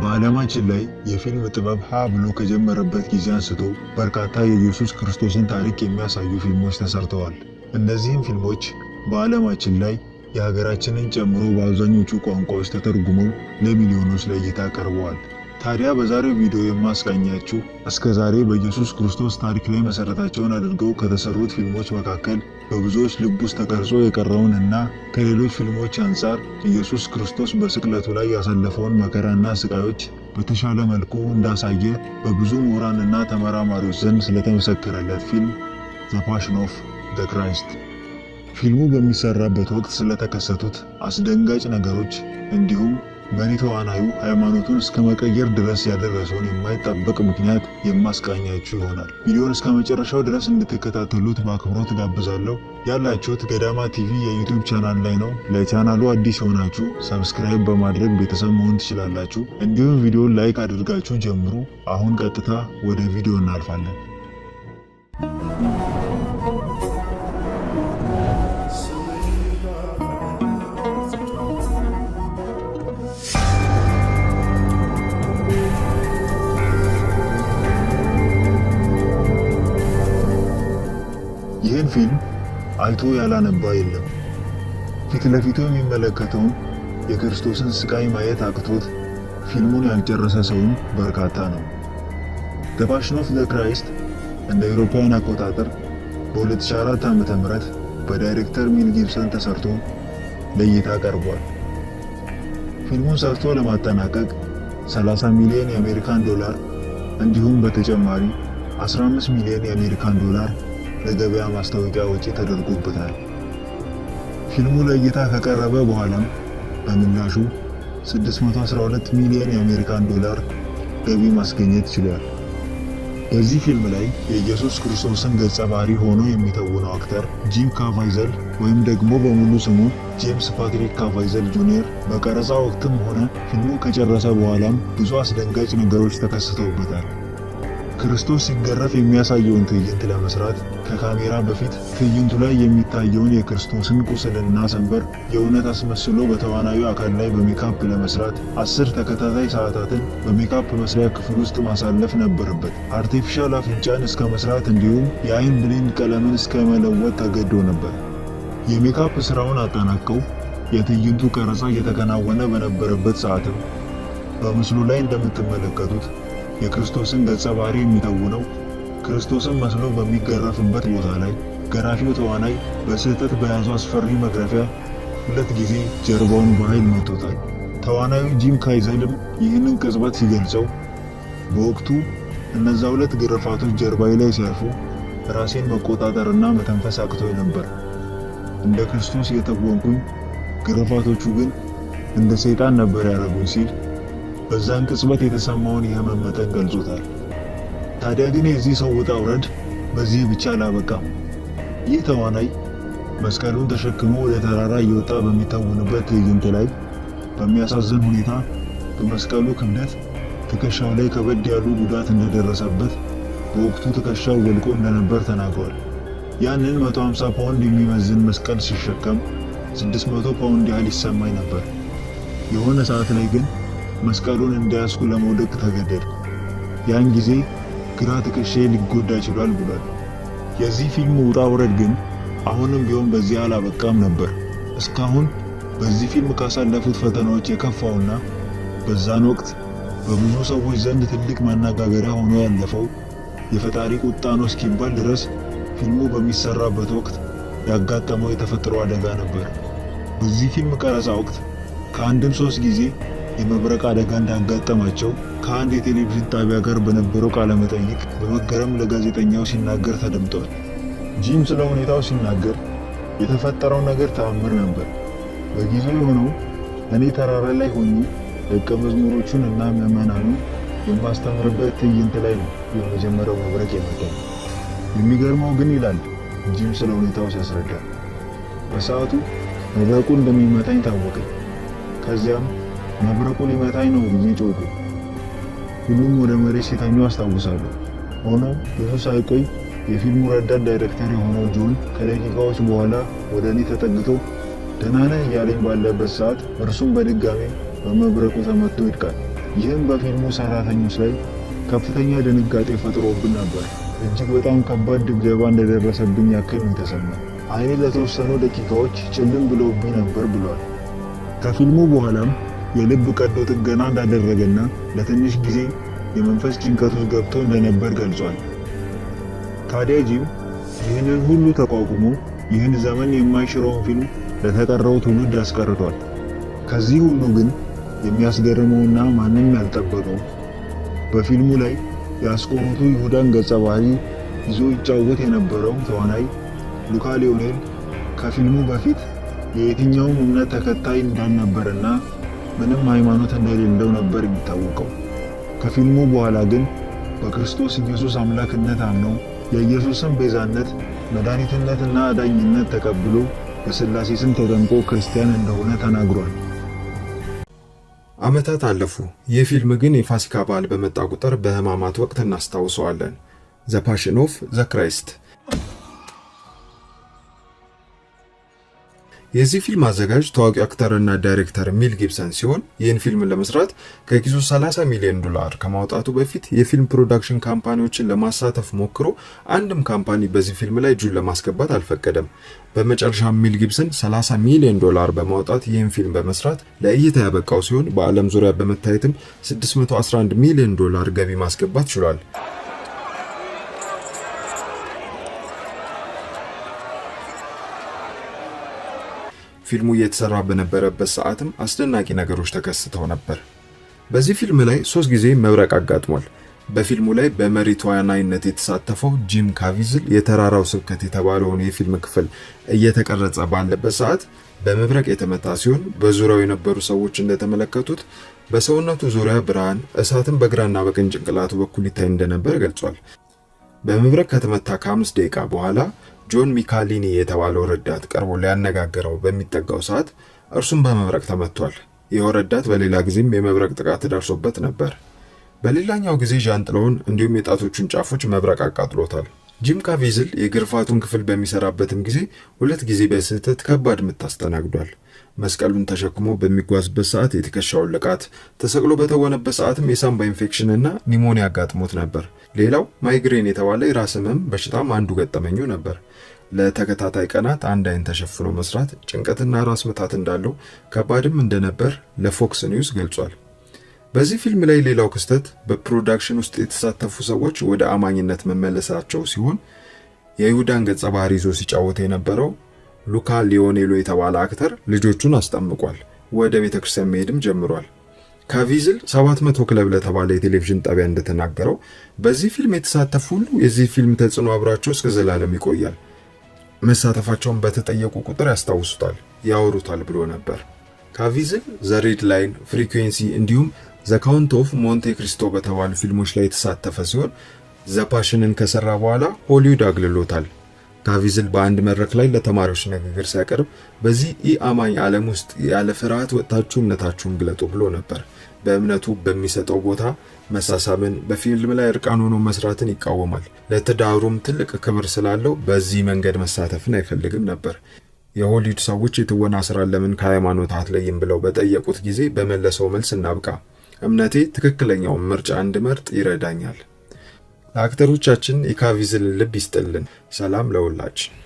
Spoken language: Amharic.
በዓለማችን ላይ የፊልም ጥበብ ሀ ብሎ ከጀመረበት ጊዜ አንስቶ በርካታ የኢየሱስ ክርስቶስን ታሪክ የሚያሳዩ ፊልሞች ተሰርተዋል። እነዚህም ፊልሞች በዓለማችን ላይ የሀገራችንን ጨምሮ በአብዛኞቹ ቋንቋዎች ተተርጉመው ለሚሊዮኖች ለእይታ ቀርበዋል። ታዲያ በዛሬው ቪዲዮ የማስቃኛችሁ እስከ ዛሬ በኢየሱስ ክርስቶስ ታሪክ ላይ መሰረታቸውን አድርገው ከተሰሩት ፊልሞች መካከል በብዙዎች ልብ ውስጥ ተቀርጾ የቀረውን እና ከሌሎች ፊልሞች አንጻር ኢየሱስ ክርስቶስ በስቅለቱ ላይ ያሳለፈውን መከራና ስቃዮች በተሻለ መልኩ እንዳሳየ በብዙ ምሁራንና ተመራማሪዎች ዘንድ ስለተመሰከረለት ፊልም ዘ ፓሽን ኦፍ ዘ ክራይስት ፊልሙ በሚሰራበት ወቅት ስለተከሰቱት አስደንጋጭ ነገሮች እንዲሁም በሪተዋናዩ ሃይማኖቱን እስከ መቀየር ድረስ ያደረሰውን የማይጠበቅ ምክንያት የማስቃኛችሁ ይሆናል። ቪዲዮን እስከ መጨረሻው ድረስ እንድትከታተሉት በአክብሮት ጋብዛለሁ። ያላችሁት ገዳማ ቲቪ የዩቲዩብ ቻናል ላይ ነው። ለቻናሉ አዲስ የሆናችሁ ሰብስክራይብ በማድረግ ቤተሰብ መሆን ትችላላችሁ። እንዲሁም ቪዲዮን ላይክ አድርጋችሁ ጀምሩ። አሁን ቀጥታ ወደ ቪዲዮ እናልፋለን። አይቶ ያላነባ የለም። ፊት ለፊቱ የሚመለከተውን የክርስቶስን ስቃይ ማየት አቅቶት ፊልሙን ያልጨረሰ ሰውም በርካታ ነው። ዘ ፓሽን ኦፍ ዘ ክራይስት እንደ አውሮፓውያን አቆጣጠር በ2004 ዓ ም በዳይሬክተር ሚል ጊብሰን ተሰርቶ ለእይታ ቀርቧል። ፊልሙን ሰርቶ ለማጠናቀቅ 30 ሚሊዮን የአሜሪካን ዶላር እንዲሁም በተጨማሪ 15 ሚሊዮን የአሜሪካን ዶላር ለገበያ ማስታወቂያ ወጪ ተደርጎበታል። ፊልሙ ለእይታ ከቀረበ በኋላም በምላሹ 612 ሚሊዮን የአሜሪካን ዶላር ገቢ ማስገኘት ችሏል። በዚህ ፊልም ላይ የኢየሱስ ክርስቶስን ገጸ ባህሪ ሆኖ የሚተውነው አክተር ጂም ካቫይዘል ወይም ደግሞ በሙሉ ስሙ ጄምስ ፓትሪክ ካቫይዘል ጁኒየር በቀረጻ ወቅትም ሆነ ፊልሙ ከጨረሰ በኋላም ብዙ አስደንጋጭ ነገሮች ተከስተውበታል። ክርስቶስ ሲገረፍ የሚያሳየውን ትዕይንት ለመስራት ከካሜራ በፊት ትዕይንቱ ላይ የሚታየውን የክርስቶስን ቁስልና ሰንበር የእውነት አስመስሎ በተዋናዩ አካል ላይ በሜካፕ ለመስራት አስር ተከታታይ ሰዓታትን በሜካፕ መስሪያ ክፍል ውስጥ ማሳለፍ ነበረበት። አርቲፊሻል አፍንጫን እስከ መስራት እንዲሁም የአይን ብሌን ቀለምን እስከ መለወጥ ተገዶ ነበር። የሜካፕ ስራውን አጠናቀው የትዕይንቱ ቀረጻ እየተከናወነ በነበረበት ሰዓትም በምስሉ ላይ እንደምትመለከቱት የክርስቶስን ገጸ ባህሪ የሚተውነው ክርስቶስን መስሎ በሚገረፍበት ቦታ ላይ ገራፊው ተዋናይ በስህተት በያዙ አስፈሪ መግረፊያ ሁለት ጊዜ ጀርባውን በኃይል መቶታል። ተዋናዩ ጂም ካይዘልም ይህንን ቅጽበት ሲገልጸው በወቅቱ እነዛ ሁለት ግርፋቶች ጀርባዬ ላይ ሲያርፉ ራሴን መቆጣጠርና መተንፈስ አቅቶኝ ነበር። እንደ ክርስቶስ የተወንኩኝ ግርፋቶቹ ግን እንደ ሰይጣን ነበር ያደረጉኝ ሲል በዛን ቅጽበት የተሰማውን የህመም መጠን ገልጾታል። ታዲያ ግን የዚህ ሰው ውጣ ውረድ በዚህ ብቻ አላበቃም። ይህ ተዋናይ መስቀሉን ተሸክሞ ወደ ተራራ እየወጣ በሚታወንበት ትዕይንት ላይ በሚያሳዝን ሁኔታ በመስቀሉ ክብደት ትከሻው ላይ ከበድ ያሉ ጉዳት እንደደረሰበት በወቅቱ ትከሻው ወልቆ እንደነበር ተናግሯል። ያንን 150 ፓውንድ የሚመዝን መስቀል ሲሸከም 600 ፓውንድ ያህል ይሰማኝ ነበር። የሆነ ሰዓት ላይ ግን መስቀሉን እንዳያስኩ ለመውደቅ ተገደድኩ። ያን ጊዜ ግራ ትከሻ ሊጎዳ ይችላል ብሏል። የዚህ ፊልም ውጣ ውረድ ግን አሁንም ቢሆን በዚህ አላበቃም ነበር። እስካሁን በዚህ ፊልም ካሳለፉት ፈተናዎች የከፋውና በዛን ወቅት በብዙ ሰዎች ዘንድ ትልቅ መነጋገሪያ ሆኖ ያለፈው የፈጣሪ ቁጣ ነው እስኪባል ድረስ ፊልሙ በሚሰራበት ወቅት ያጋጠመው የተፈጥሮ አደጋ ነበር። በዚህ ፊልም ቀረጻ ወቅት ከአንድም ሶስት ጊዜ የመብረቅ አደጋ እንዳጋጠማቸው ከአንድ የቴሌቪዥን ጣቢያ ጋር በነበረው ቃለመጠይቅ በመገረም ለጋዜጠኛው ሲናገር ተደምጧል። ጂም ስለ ሁኔታው ሲናገር የተፈጠረው ነገር ተአምር ነበር። በጊዜው የሆነው እኔ ተራራ ላይ ሆኜ ደቀ መዝሙሮቹን እና ምዕመናኑን የማስተምርበት ትዕይንት ላይ ነው የመጀመሪያው መብረቅ የመጣው። የሚገርመው ግን ይላል ጂም ስለ ሁኔታው ሲያስረዳ፣ በሰዓቱ መብረቁ እንደሚመታኝ ታወቀኝ። ከዚያም መብረቁ ሊመታኝ ነው ብዬ ጮኩ። ሁሉም ወደ መሬት ሲተኙ አስታውሳለሁ። ሆኖም ብዙ ሳይቆይ የፊልሙ ረዳት ዳይሬክተር የሆነው ጆን ከደቂቃዎች በኋላ ወደ እኔ ተጠግቶ ደህና ነህ እያለኝ ባለበት ሰዓት እርሱም በድጋሚ በመብረቁ ተመቶ ይድቃል። ይህም በፊልሙ ሰራተኞች ላይ ከፍተኛ ድንጋጤ ፈጥሮብን ነበር። እጅግ በጣም ከባድ ድብደባ እንደደረሰብኝ ያክል ነው አይኔ ለተወሰኑ ደቂቃዎች ጭልም ብሎብኝ ነበር ብሏል። ከፊልሙ በኋላም የልብ ቀዶ ጥገና እንዳደረገና ለትንሽ ጊዜ የመንፈስ ጭንቀት ውስጥ ገብቶ እንደነበር ገልጿል። ታዲያ ጂም ይህንን ሁሉ ተቋቁሞ ይህን ዘመን የማይሽረውን ፊልም ለተቀረው ትውልድ አስቀርቷል። ከዚህ ሁሉ ግን የሚያስገርመውና ማንም ያልጠበቀው በፊልሙ ላይ የአስቆሮቱ ይሁዳን ገጸ ባህሪ ይዞ ይጫወት የነበረው ተዋናይ ሉካ ሊዮኔል ከፊልሙ በፊት የየትኛውም እምነት ተከታይ እንዳልነበረና ምንም ሃይማኖት እንደሌለው ነበር የሚታወቀው። ከፊልሙ በኋላ ግን በክርስቶስ ኢየሱስ አምላክነት አምኖ የኢየሱስን ቤዛነት መድኃኒትነትና አዳኝነት ተቀብሎ በሥላሴ ስም ተጠምቆ ክርስቲያን እንደሆነ ተናግሯል። ዓመታት አለፉ። ይህ ፊልም ግን የፋሲካ በዓል በመጣ ቁጥር በሕማማት ወቅት እናስታውሰዋለን። ዘ ፓሽን ኦፍ ዘ ክራይስት የዚህ ፊልም አዘጋጅ ታዋቂ አክተርና ዳይሬክተር ሚል ጊብሰን ሲሆን ይህን ፊልም ለመስራት ከኪሱ 30 ሚሊዮን ዶላር ከማውጣቱ በፊት የፊልም ፕሮዳክሽን ካምፓኒዎችን ለማሳተፍ ሞክሮ አንድም ካምፓኒ በዚህ ፊልም ላይ እጁን ለማስገባት አልፈቀደም። በመጨረሻ ሚል ጊብሰን 30 ሚሊዮን ዶላር በማውጣት ይህን ፊልም በመስራት ለእይታ ያበቃው ሲሆን በዓለም ዙሪያ በመታየትም 611 ሚሊዮን ዶላር ገቢ ማስገባት ችሏል። ፊልሙ እየተሰራ በነበረበት ሰዓትም አስደናቂ ነገሮች ተከስተው ነበር። በዚህ ፊልም ላይ ሶስት ጊዜ መብረቅ አጋጥሟል። በፊልሙ ላይ በመሪ ተዋናይነት የተሳተፈው ጂም ካቪዝል የተራራው ስብከት የተባለውን የፊልም ክፍል እየተቀረጸ ባለበት ሰዓት በመብረቅ የተመታ ሲሆን በዙሪያው የነበሩ ሰዎች እንደተመለከቱት በሰውነቱ ዙሪያ ብርሃን፣ እሳትን በግራና በቀኝ ጭንቅላቱ በኩል ይታይ እንደነበር ገልጿል። በመብረቅ ከተመታ ከአምስት ደቂቃ በኋላ ጆን ሚካሊኒ የተባለው ረዳት ቀርቦ ሊያነጋግረው በሚጠጋው ሰዓት እርሱም በመብረቅ ተመቷል። ይኸው ረዳት በሌላ ጊዜም የመብረቅ ጥቃት ደርሶበት ነበር። በሌላኛው ጊዜ ዣንጥላውን እንዲሁም የጣቶቹን ጫፎች መብረቅ አቃጥሎታል። ጂም ካቪዝል የግርፋቱን ክፍል በሚሰራበትም ጊዜ ሁለት ጊዜ በስህተት ከባድ ምት አስተናግዷል። መስቀሉን ተሸክሞ በሚጓዝበት ሰዓት የትከሻውን ልቃት፣ ተሰቅሎ በተወነበት ሰዓትም የሳምባ ኢንፌክሽን እና ኒሞኒያ አጋጥሞት ነበር። ሌላው ማይግሬን የተባለ የራስ ህመም በሽታም አንዱ ገጠመኙ ነበር። ለተከታታይ ቀናት አንድ አይን ተሸፍኖ መስራት ጭንቀትና ራስ ምታት እንዳለው ከባድም እንደነበር ለፎክስ ኒውስ ገልጿል። በዚህ ፊልም ላይ ሌላው ክስተት በፕሮዳክሽን ውስጥ የተሳተፉ ሰዎች ወደ አማኝነት መመለሳቸው ሲሆን የይሁዳን ገጸ ባህሪ ይዞ ሲጫወት የነበረው ሉካ ሊዮኔሎ የተባለ አክተር ልጆቹን አስጠምቋል። ወደ ቤተ ክርስቲያን መሄድም ጀምሯል። ከቪዝል 700 ክለብ ለተባለ የቴሌቪዥን ጣቢያ እንደተናገረው በዚህ ፊልም የተሳተፉ ሁሉ የዚህ ፊልም ተጽዕኖ አብራቸው እስከ ዘላለም ይቆያል፣ መሳተፋቸውን በተጠየቁ ቁጥር ያስታውሱታል፣ ያወሩታል ብሎ ነበር። ካቪዝል ዘሬድ ላይን፣ ፍሪኩዌንሲ እንዲሁም ካውንት ኦፍ ሞንቴ ክሪስቶ በተባሉ ፊልሞች ላይ የተሳተፈ ሲሆን ዘፓሽንን ከሰራ በኋላ ሆሊውድ አግልሎታል። ካቪዝል በአንድ መድረክ ላይ ለተማሪዎች ንግግር ሲያቀርብ በዚህ ኢ አማኝ ዓለም ውስጥ ያለ ፍርሃት ወጥታችሁ እምነታችሁን ግለጡ ብሎ ነበር። በእምነቱ በሚሰጠው ቦታ መሳሳብን፣ በፊልም ላይ እርቃን ሆኖ መስራትን ይቃወማል። ለትዳሩም ትልቅ ክብር ስላለው በዚህ መንገድ መሳተፍን አይፈልግም ነበር። የሆሊውድ ሰዎች የትወና ስራን ለምን ከሃይማኖት አትለይም ብለው በጠየቁት ጊዜ በመለሰው መልስ እናብቃ እምነቴ ትክክለኛውን ምርጫ እንድመርጥ ይረዳኛል። ለአክተሮቻችን የካቪዝልን ልብ ይስጥልን። ሰላም ለሁላችን።